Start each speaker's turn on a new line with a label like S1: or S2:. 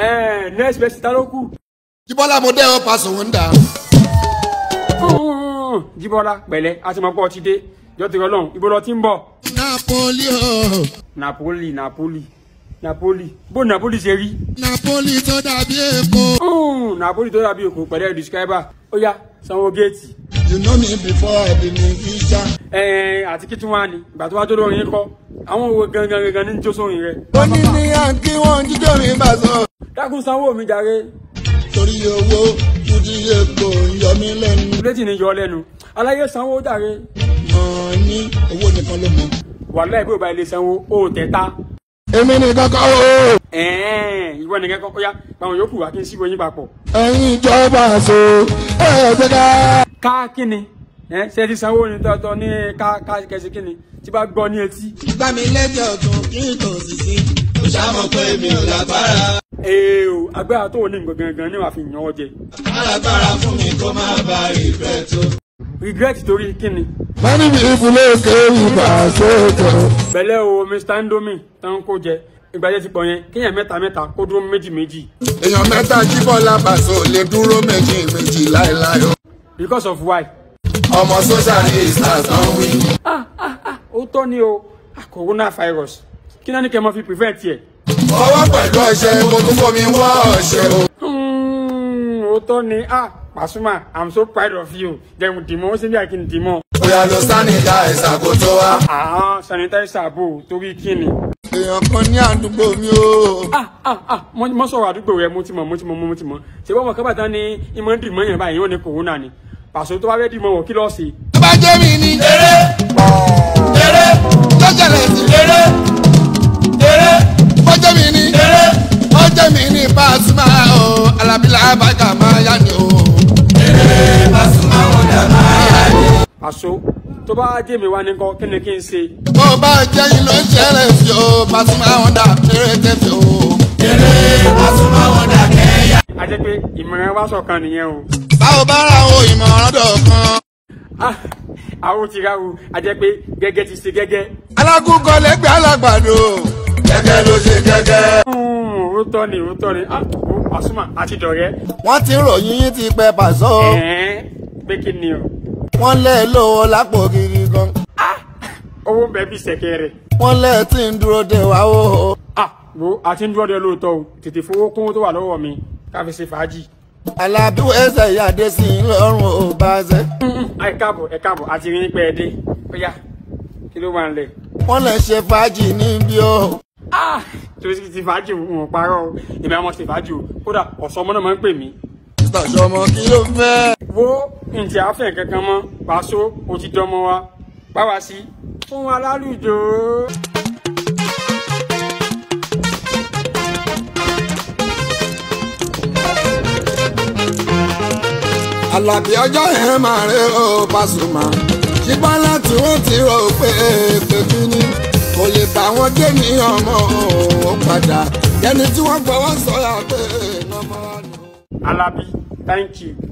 S1: ẹ eh, next person ta ló kù. jíbọ́lá mo dé ọ́ pàṣẹ wọn dà. jíbọ́lá pẹ̀lẹ́ a ti mọ pé ọ ti dé jọ́tí ọlọ́run ibo lọ ti ń bọ̀. napoli o. napoli napoli napoli bó napoli ṣe rí. napoli tó dàbí Oh, napoli tó dàbí èkó pẹ̀lẹ́ describer ó yá sanwó géètì. you know me before i be musician. ẹ ẹ àti kí tún wá ní ìgbà tó wá tó lórin kọ àwọn wo gangan gangan ní jó sórin rẹ. ó ní ní àǹkí wọn jíjọ́ mi bá sọ dákun sanwó mi jàre. torí owó ìdílé kò yọ mí lẹ́nu. búrẹ́tì ni yọ lẹ́nu aláyé sanwó jàre. mo ní owó nìkan ló mọ. wàhálà ìbúrò bá ilé sanwó ó tẹ̀ ta. èmi nìkan kọ́ o. ìwọ nìkan kọ́kọ́ yá báwọn yòókù wá kí n síwò yín papọ̀. ẹ̀yin ìjọba àṣọ ẹ̀ ká. ká kí ni ṣe ti sanwó ni tọ́tọ́ ní ká ká kẹsì kí ni tí bá gbọ́ ní etí. gbàmílẹ́jọ̀ tún kí n tò sí sí ó ṣàmọ̀ pé mi ò lágbára èèwò agbára tó ní gangan ni wàá fi yàn ọ́ jẹ. alágbára fún mi kó má ba ìfẹ́ tó. regret torí kíni. mọ́nì mi ìfúnlẹ̀ òkè ìgbà sóòtò. bẹ̀lẹ́ o mr ndomi tó kó jẹ ìgbàjẹ́ ti pọ̀ yẹn kéèyàn mẹ́ta mẹ́ta kó dúró méjì méjì. èèyàn mẹ́ta jíbọ́lá bàṣọ lè dúró méjì méjì láéláé o. because of why. ọmọ sójà ní ìsàtọ̀ wí. ó tọ́ ni o ah, coronavirus kí náà ní kẹ́ ẹ máa fi prevent yẹ fọwọ́ pẹ̀lú ọṣẹ mo tún fọ́ wá ọṣẹ o. Hmm, òótọ́ ni ah Pasuma i'm so proud of you jẹun dìmọ́ ó sì ní àkíní dìmọ́. bóyá lo sanitizer kò tó wa. Ah, àwọn sanitizer bò torí kí èèyàn kan ní àdúgbò mi o. Ah, ah, mo sọ̀rọ̀ àdúgbò rẹ mo ti mọ̀ mo ti mọ̀ mo ti mọ̀ ṣé wọ́n mọ̀ kábàtà ni ìmọ̀ ń dìmọ̀ yẹn báyìí wọ́n ní kòrónà ni pàṣẹ tó bá fẹ́ dìmọ̀ wọ̀ kí lọ́ọ̀sì bàjá máa yá ni o. eré Pasuma ọ̀dà máa yá ni. àṣọ tó bá jẹ́ mi wá ní kọ́ kí ni kí n ṣe. bó bá jẹ́ inú ìṣẹ̀lẹ̀ sí o Pasuma ọ̀dà eré tẹ̀sí o. eré Pasuma ọ̀dà kẹ́yà. a jẹ́ pé ìmọ̀ràn wa ṣọ̀kan nìyẹn o. báwo bá ra àwọn ìmọ̀ràn dọ̀kan àwọn ah, ti ra o a jẹ pé gẹ́gẹ́ ti ṣe gẹ́gẹ́. alágúnkọ lẹgbẹ alágbàdo gẹ́gẹ́ ló ṣe gẹ́gẹ́ òótọ́ ni òótọ́ ni ah, Pasuma àti dọ̀rẹ́. wọ́n ti ń ròyìn yín ti pẹ́ pàṣọ. pé kí ni o. wọ́n lẹ́ e lówó lápò gidi gan. Ah, owó ń bí sẹ̀kẹ́ rẹ̀. wọ́n lẹ́ e tí ń dúró de wa o. Ah, wo àti ń dúró de lóòótọ́ o tètè fowó kún tó wà lọ́wọ́ mi ká fi ṣe fàájì. Alábí ẹsẹ̀ ìyáde sí i lọ́rùn ò bá ṣe. ẹ káàbọ̀ ẹ káàbọ̀ àti rí pẹ́ ẹ dé ó yá kí ló máa ń lẹ̀. wọ́n lè ṣe fàájì níbí o torí sí ti fàájì wọn parọ́ èmi àwọn ṣèfàájì o kódà ọ̀sán ọmọ náà máa ń pè mí. mr sọmọ kí ló fẹ́. wo ǹjẹ́ afẹ́ kankan mọ́ pàṣọ òtítọ́ ọmọ wa báwa sí fún alálùjọ. àlàbí ọjọ́ yẹn máa rí o Pasuma ṣùgbọ́n láti wọ́n ti rò pé pẹ̀lú ni kò lè bá wọn jẹ́ ní ọmọ o padà ẹni tí wọ́n gbọ́ wọ́n sọ yà pé. Alabi thank you.